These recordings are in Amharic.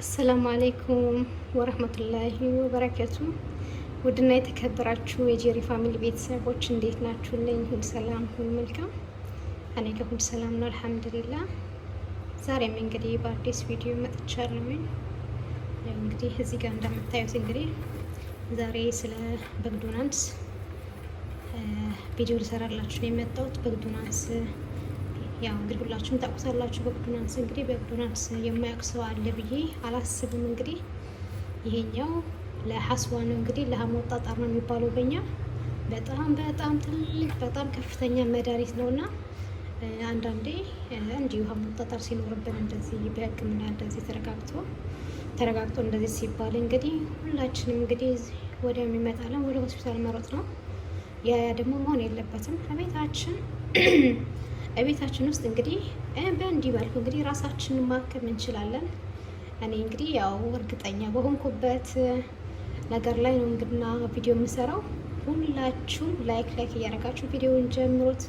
አሰላሙ አሌይኩም ወረህመቱላሂ ወበረከቱ። ውድና የተከበራችሁ የጀሪ ፋሚሊ ቤተሰቦች እንዴት ናችሁልኝ? ሁል ሰላም፣ ሁል መልካም። እኔ ጋር ሁል ሰላም ነው አልሐምዱሊላ። ዛሬም እንግዲህ በአዲስ ቪዲዮ መጥቻለሁኝ። እንግዲህ እዚህ ጋር እንደምታዩት እንግዲህ ዛሬ ስለ በግ ቪዲዮ ልሰራላችሁ ነው የመጣሁት በግ ያው እንግዲህ ሁላችሁም ታውቁታላችሁ። በኩዶናንስ እንግዲህ በኩዶናንስ የማያውቅ ሰው አለ ብዬ አላስብም። እንግዲህ ይሄኛው ለሀስዋ ነው እንግዲህ ለሀሞት ጣጣር ነው የሚባለው በኛ በጣም በጣም ትልቅ በጣም ከፍተኛ መድኃኒት ነው እና አንዳንዴ እንዲሁ ሀሞት ጣጣር ሲኖርብን እንደዚህ በህክምና እንደዚህ ተረጋግቶ ተረጋግጦ እንደዚህ ሲባል እንግዲህ ሁላችንም እንግዲህ የሚመጣለን ወደ ሆስፒታል መሮጥ ነው። ያ ደግሞ መሆን የለበትም ከቤታችን ቤታችን ውስጥ እንግዲህ በእንዲህ ባልኩ እንግዲህ ራሳችንን ማከም እንችላለን። እኔ እንግዲህ ያው እርግጠኛ በሆንኩበት ነገር ላይ ነው እንግዲና ቪዲዮ የምሰራው። ሁላችሁም ላይክ ላይክ እያደረጋችሁ ቪዲዮውን ጀምሩት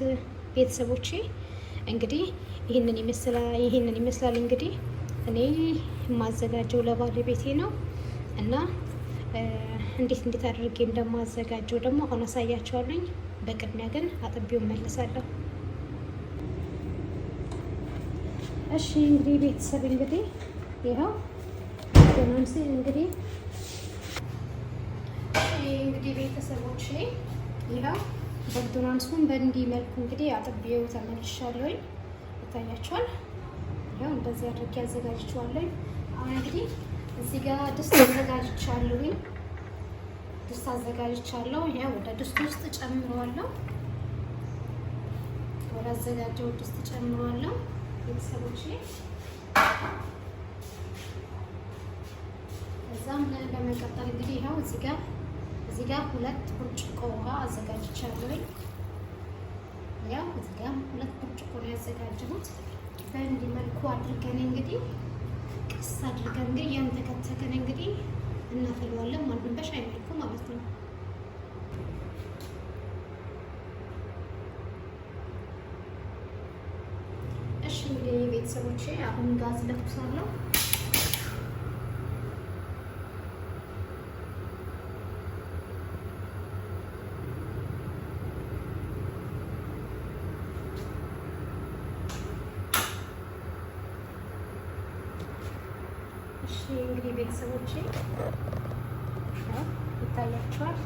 ቤተሰቦቼ። እንግዲህ ይህንን ይመስላል ይህንን ይመስላል እንግዲህ እኔ የማዘጋጀው ለባለቤቴ ነው እና እንዴት እንዴት አድርጌ እንደማዘጋጀው ደግሞ አሁን አሳያቸዋለኝ። በቅድሚያ ግን አጥቢውን መልሳለሁ። እሺ እንግዲህ ቤተሰብ እንግዲህ ይኸው ገናምሲ እንግዲህ እንግዲህ ቤተሰቦች ይኸው በርዶናንሱን በእንዲህ መልኩ እንግዲህ አጥቤው ተመልሻለሁኝ። ይታያቸዋል። ይኸው እንደዚህ አድርጌ አዘጋጅቼዋለሁኝ። አሁን እንግዲህ እዚህ ጋር ድስት አዘጋጅቻለሁኝ። ድስት አዘጋጅቻለሁ። ይኸው ወደ ድስት ውስጥ ጨምረዋለሁ። ወደ አዘጋጀው ድስት ጨምረዋለሁ። ቤተሰቦች። ከዛም በመቀጠል እንግዲህ ይኸው እዚህ ጋር ሁለት ብርጭቆ ውሃ አዘጋጅቻለሁኝ። ያው እዚህ ጋር ሁለት ብርጭቆ ነው ያዘጋጀሁት። በእንዲህ መልኩ አድርገን እንግዲህ ቀስ አድርገን እንግዲህ ያን ተከተከን እንግዲህ እናፈለዋለን ማለት ነው። ቤተሰቦቼ አሁን ጋዝ ለኩሳለሁ። እሺ እንግዲህ ቤተሰቦቼ ይታያቸዋል።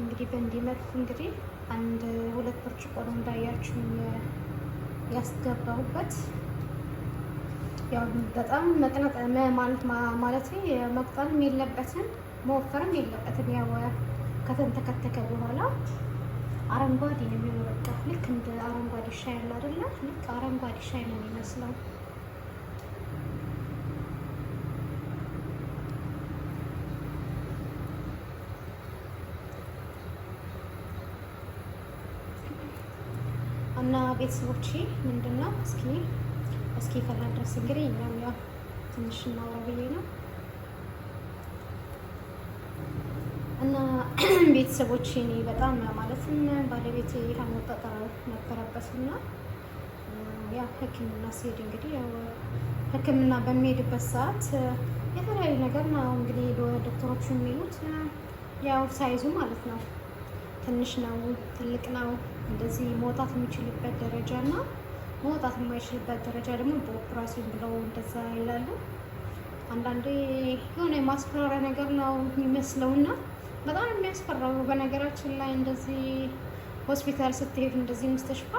እንግዲህ በእንዲህ መልኩ እንግዲህ አንድ ሁለት ብርጭቆ ነው እንዳያችሁ ያስገባሁበት። ያው በጣም መቅነጥ ማለት ማለት መቁጠርም የለበትም መወፈርም የለበትም። ያው ከተንተከተከ በኋላ አረንጓዴ ነው የሚሆነው። ልክ እንደ አረንጓዴ ሻይ ያለ አይደለ? ልክ አረንጓዴ ሻይ ነው የሚመስለው። ቤተሰቦች ምንድን ነው እስኪ እስኪ ፈላ ድረስ እንግዲህ እኛም ያው ትንሽ እናውራ ብዬ ነው እና ቤተሰቦች እኔ በጣም ማለትም ባለቤት ሀሞት ነበረበት እና ያ ሕክምና ሲሄድ እንግዲህ ያው ሕክምና በሚሄድበት ሰዓት የተለያዩ ነገር ነው እንግዲህ ዶክተሮቹ የሚሉት ያው ሳይዙ ማለት ነው። ትንሽ ነው፣ ትልቅ ነው እንደዚህ መውጣት የሚችልበት ደረጃ እና መውጣት የማይችልበት ደረጃ ደግሞ በኦፕራሲዮን ብለው እንደዛ ይላሉ። አንዳንዴ የሆነ የማስፈራሪያ ነገር ነው የሚመስለው እና በጣም የሚያስፈራው በነገራችን ላይ እንደዚህ ሆስፒታል ስትሄዱ እንደዚህ ምስተሽፋ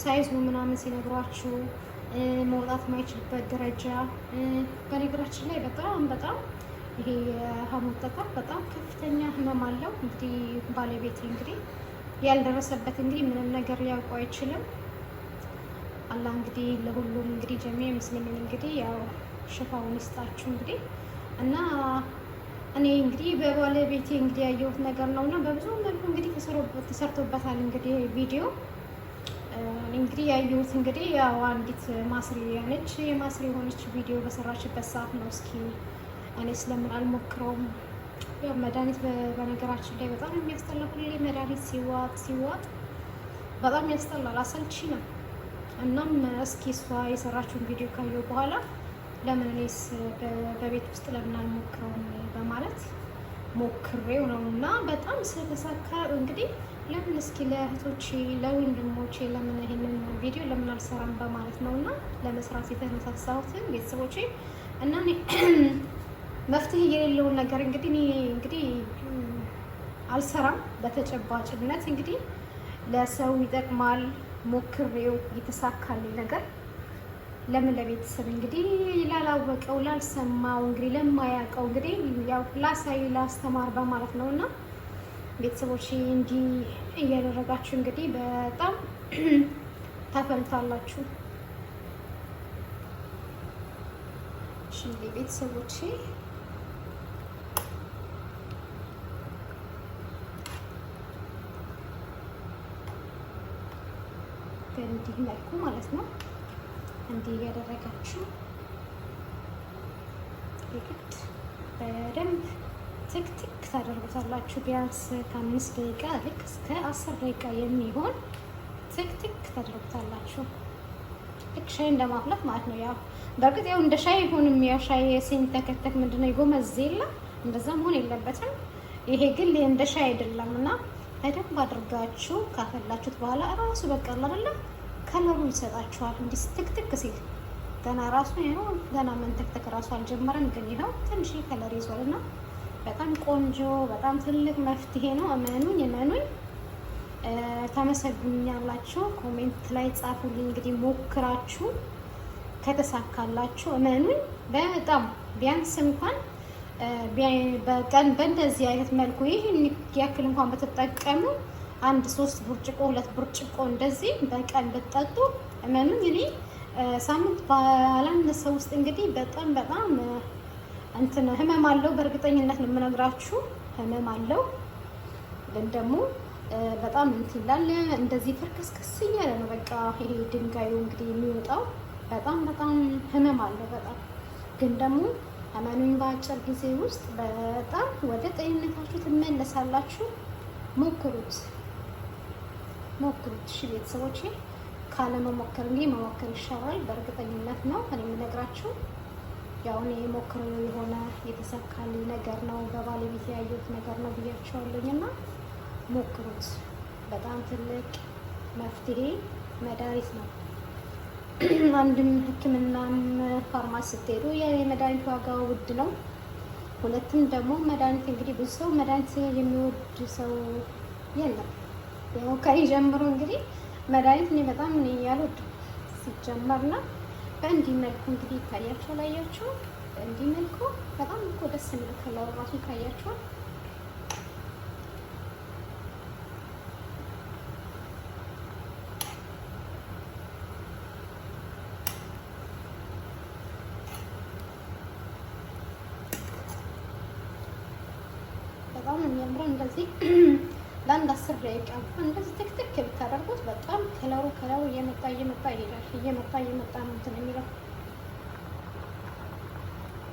ሳይዙ ምናምን ሲነግሯችሁ መውጣት የማይችልበት ደረጃ። በነገራችን ላይ በጣም በጣም ይሄ የሀሞት ጠጠር በጣም ከፍተኛ ህመም አለው። እንግዲህ ባለቤት እንግዲህ ያልደረሰበት እንግዲህ ምንም ነገር ሊያውቁ አይችልም። አላህ እንግዲህ ለሁሉም እንግዲህ ጀሚ ምስልምን እንግዲህ ያው ሽፋውን ይስጣችሁ እንግዲህ እና እኔ እንግዲህ በባለቤቴ እንግዲህ ያየሁት ነገር ነው እና በብዙ መልኩ እንግዲህ ተሰርቶበታል እንግዲህ ቪዲዮ እንግዲህ ያየሁት እንግዲህ ያው አንዲት ማስሪ ያነች የማስሪ የሆነች ቪዲዮ በሰራችበት ሰዓት ነው። እስኪ እኔ ስለምን አልሞክረውም ያው መድኃኒት በነገራችን ላይ በጣም የሚያስጠላ ሁሌ መድኃኒት ሲዋጥ ሲዋጥ በጣም ያስጠላል፣ አሰልቺ ነው። እናም እስኪ እሷ የሰራችውን ቪዲዮ ካየው በኋላ ለምን እኔስ በቤት ውስጥ ለምን አልሞክረውም በማለት ሞክሬው ነው እና በጣም ስለተሳካ እንግዲህ ለምን እስኪ ለእህቶቼ ለወንድሞቼ ለምን ይሄንን ቪዲዮ ለምን አልሰራም በማለት ነው እና ለመስራት የተነሳሳሁትን ቤተሰቦቼ እና መፍትሄ የሌለውን ነገር እንግዲህ እኔ እንግዲህ አልሰራም። በተጨባጭነት እንግዲህ ለሰው ይጠቅማል ሞክሬው የተሳካልኝ ነገር ለምን ለቤተሰብ እንግዲህ ላላወቀው ላልሰማው እንግዲህ ለማያውቀው እንግዲህ ያው ላሳይ ላስተማር በማለት ነው እና ቤተሰቦች እንዲህ እያደረጋችሁ እንግዲህ በጣም ታፈልታላችሁ። ቤተሰቦቼ በእንዲህ መልኩ ማለት ነው። እንዲህ እያደረጋችሁ የግድ በደንብ ትክትክ ታደርጉታላችሁ። ቢያንስ ከአምስት ደቂቃ ልክ እስከ አስር ደቂቃ የሚሆን ትክትክ ታደርጉታላችሁ። ልክ ሻይ እንደማፍላት ማለት ነው። ያው በእርግጥ ያው እንደ ሻይ ይሁንም ያው ሻይ ሲንተከተክ ምንድነው ይጎመዝ የለ እንደዛ መሆን የለበትም። ይሄ ግን እንደ ሻይ አይደለም እና በደንብ አድርጋችሁ ካፈላችሁት በኋላ እራሱ በቃ አይደለም ከለሩ ይሰጣችኋል። እንዲህ ትክትክ ሲል ገና ራሱ ይኸው ገና መንተክተክ ራሱ አልጀመረም፣ ግን ይኸው ትንሽ ከለር ይዟል እና በጣም ቆንጆ በጣም ትልቅ መፍትሄ ነው። እመኑኝ እመኑኝ። ተመሰግኛላችሁ። ኮሜንት ላይ ጻፉልኝ። እንግዲህ ሞክራችሁ ከተሳካላችሁ እመኑኝ በጣም ቢያንስ እንኳን በቀን በእንደዚህ አይነት መልኩ ይህ ያክል እንኳን በተጠቀሙ አንድ ሶስት ብርጭቆ ሁለት ብርጭቆ እንደዚህ በቀን ብትጠጡ እመኑኝ እኔ ሳምንት ባላነሰ ውስጥ እንግዲህ በጣም በጣም እንትን ህመም አለው። በእርግጠኝነት ነው የምነግራችሁ፣ ህመም አለው። ግን ደግሞ በጣም እንትን ይላል። እንደዚህ ፍርክስክስ እያለ ነው በቃ ይሄ ድንጋዩ እንግዲህ የሚወጣው። በጣም በጣም ህመም አለው። በጣም ግን ደግሞ አማኑኝ በአጭር ጊዜ ውስጥ በጣም ወደ ጤንነታችሁ ትመለሳላችሁ። ሞክሩት። ሞክሩት። እሺ ቤተሰቦች፣ ካለመሞከር እንግዲህ መሞከር ይሻላል። በእርግጠኝነት ነው እኔ የምነግራችሁ። ያው እኔ ሞክረው የሆነ የተሳካልኝ ነገር ነው፣ በባለቤት ያየሁት ነገር ነው ብያቸዋለኝ እና ሞክሩት። በጣም ትልቅ መፍትሄ መድኃኒት ነው። አንድም ሕክምናም ፋርማሲ ስትሄዱ የመድኃኒት ዋጋ ውድ ነው። ሁለትም ደግሞ መድኃኒት እንግዲህ ብዙ ሰው መድኃኒት የሚወድ ሰው የለም። ከዚህ ጀምሮ እንግዲህ መድኃኒት እኔ በጣም እኔ እያልወድ ሲጀመርና በእንዲህ መልኩ እንግዲህ ይታያቸው ላያቸው እንዲህ መልኩ በጣም እኮ ደስ የሚል ከለሩ ራሱ ይታያቸዋል። በጣም የሚያምረው እንደዚህ ለአንድ አስር ደቂቃ እንኳን እንደዚህ ትክትክ ብታደርጉት በጣም ከለሩ ከለሩ እየመጣ እየመጣ ይሄዳል። እየመጣ እየመጣ ነው እንትን የሚለው።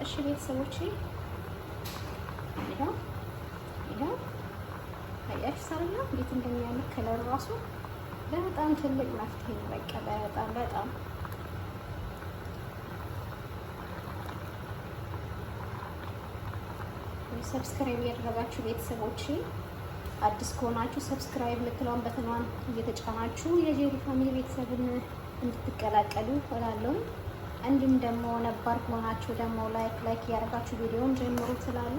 እሺ ቤተሰቦች ይኸው ይኸው አያችሁ ሳርና እንዴት እንደሚያምር ከለሩ ራሱ በጣም ትልቅ መፍትሄ ነው። በቃ በጣም በጣም ሰብስክራይብ ያደረጋችሁ ቤተሰቦች አዲስ ከሆናችሁ ሰብስክራይብ የምትለውን በተኗን እየተጫናችሁ የጀሪ ፋሚሊ ቤተሰብን እንድትቀላቀሉ እላለሁ። እንዲሁም ደግሞ ነባር ከሆናችሁ ደግሞ ላይክ ላይክ እያደረጋችሁ ቪዲዮን ጀምሩ ስላሉ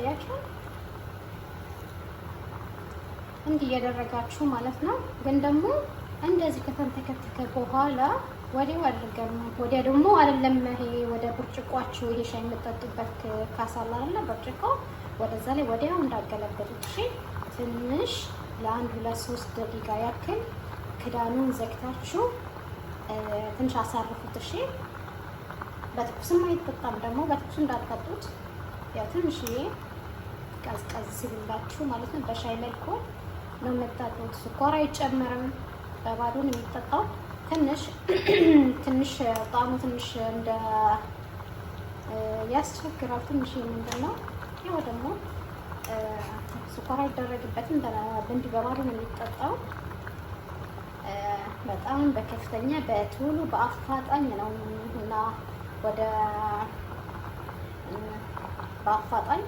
አያችሁ እንዲህ እያደረጋችሁ ማለት ነው። ግን ደግሞ እንደዚህ ከተንተከተከ በኋላ ወዲያው አድርገን ወዲያ ደግሞ አይደለም ይሄ ወደ ብርጭቋችሁ ይሄ ሻይ የምጠጡበት ካሳላ አለ ብርጭቆ ወደዛ ላይ ወዲያው እንዳገለበጡት እሺ። ትንሽ ለአንድ ሁለት ሶስት ደቂቃ ያክል ክዳኑን ዘግታችሁ ትንሽ አሳርፉት እሺ። በትኩስም አይጠጣም ደግሞ በትኩስ እንዳትጠጡት ያው ትንሽዬ ቀዝቀዝ ሲልላችሁ ማለት ነው። በሻይ መልኩ ነው የምታጡት። ስኳር አይጨመርም። በባዶ ነው የሚጠጣው። ትንሽ ትንሽ ጣዕሙ ትንሽ እንደ ያስቸግራል። ትንሽ ምንድን ነው ያው ደግሞ ስኳር አይደረግበትም። በንድ በባዶ ነው የሚጠጣው። በጣም በከፍተኛ በቶሎ በአፋጣኝ ነው እና ወደ በአፋጣኝ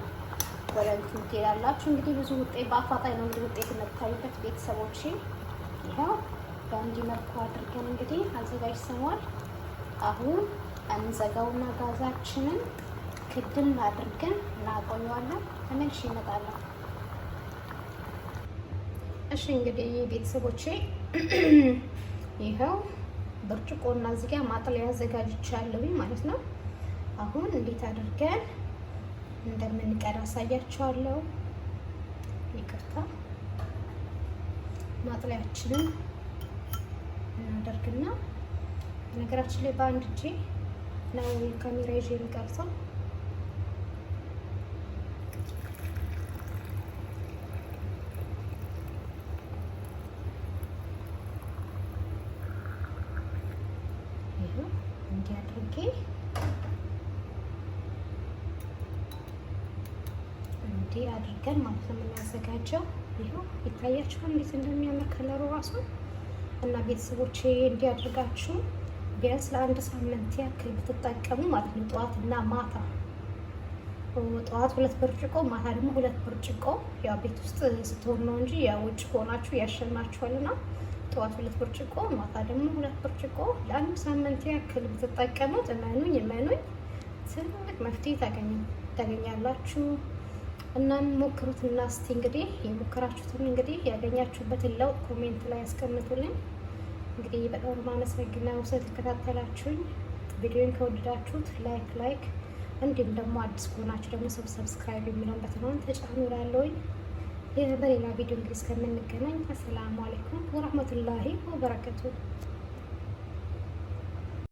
በለንቱ ትሄዳላችሁ። እንግዲህ ብዙ ውጤት በአፋጣኝ ነው እንግዲህ ውጤት የምታዩበት ቤተሰቦች። ይኸው በእንዲ መልኩ አድርገን እንግዲህ አዘጋጅ ስሟል። አሁን እንዘጋውና ጋዛችንን ክድን አድርገን እናቆየዋለን። ተመልሼ እመጣለሁ። እሺ እንግዲህ ቤተሰቦቼ ይኸው ብርጭቆና እዚህ ጋ ማጥለያ አዘጋጅቻለሁኝ ማለት ነው። አሁን እንዴት አድርገን እንደምንቀዳ አሳያችኋለሁ። ይቅርታ። ማጥለያችንን እናደርግና ነገራችን ላይ በአንድ እጄ ነው ካሜራ ይዤ የሚቀርጸው እንዲያድርጌ እንግዲህ አድርገን ማለት ነው የምናዘጋጀው። ይኸው ይታያችኋል እንዴት እንደሚያምር ከለሩ ራሱ እና ቤተሰቦች እንዲያደርጋችሁ ቢያንስ ለአንድ ሳምንት ያክል ብትጠቀሙ ማለት ነው ጠዋት እና ማታ ጠዋት ሁለት ብርጭቆ ማታ ደግሞ ሁለት ብርጭቆ። ያው ቤት ውስጥ ስትሆን ነው እንጂ ያው ውጭ ከሆናችሁ ያሸናችኋልና ጠዋት ሁለት ብርጭቆ ማታ ደግሞ ሁለት ብርጭቆ ለአንድ ሳምንት ያክል ብትጠቀሙት እመኑኝ እመኑኝ ትልቅ መፍትሄ ታገኛላችሁ። እናም ሞክሩት እና እስቲ እንግዲህ የሞከራችሁትን እንግዲህ ያገኛችሁበትን ለውጥ ኮሜንት ላይ ያስቀምጡልኝ። እንግዲህ በጣም ማመሰግናለሁ ስለተከታተላችሁኝ። ቪዲዮን ከወደዳችሁት ላይክ ላይክ እንዲሁም ደግሞ አዲስ ከሆናችሁ ደግሞ ሰብስክራይብ የሚለውን በተማን ተጫኑ። ላለውኝ በሌላ ቪዲዮ እንግዲህ እስከምንገናኝ አሰላሙ አለይኩም ወረህመቱላሂ ወበረከቱ።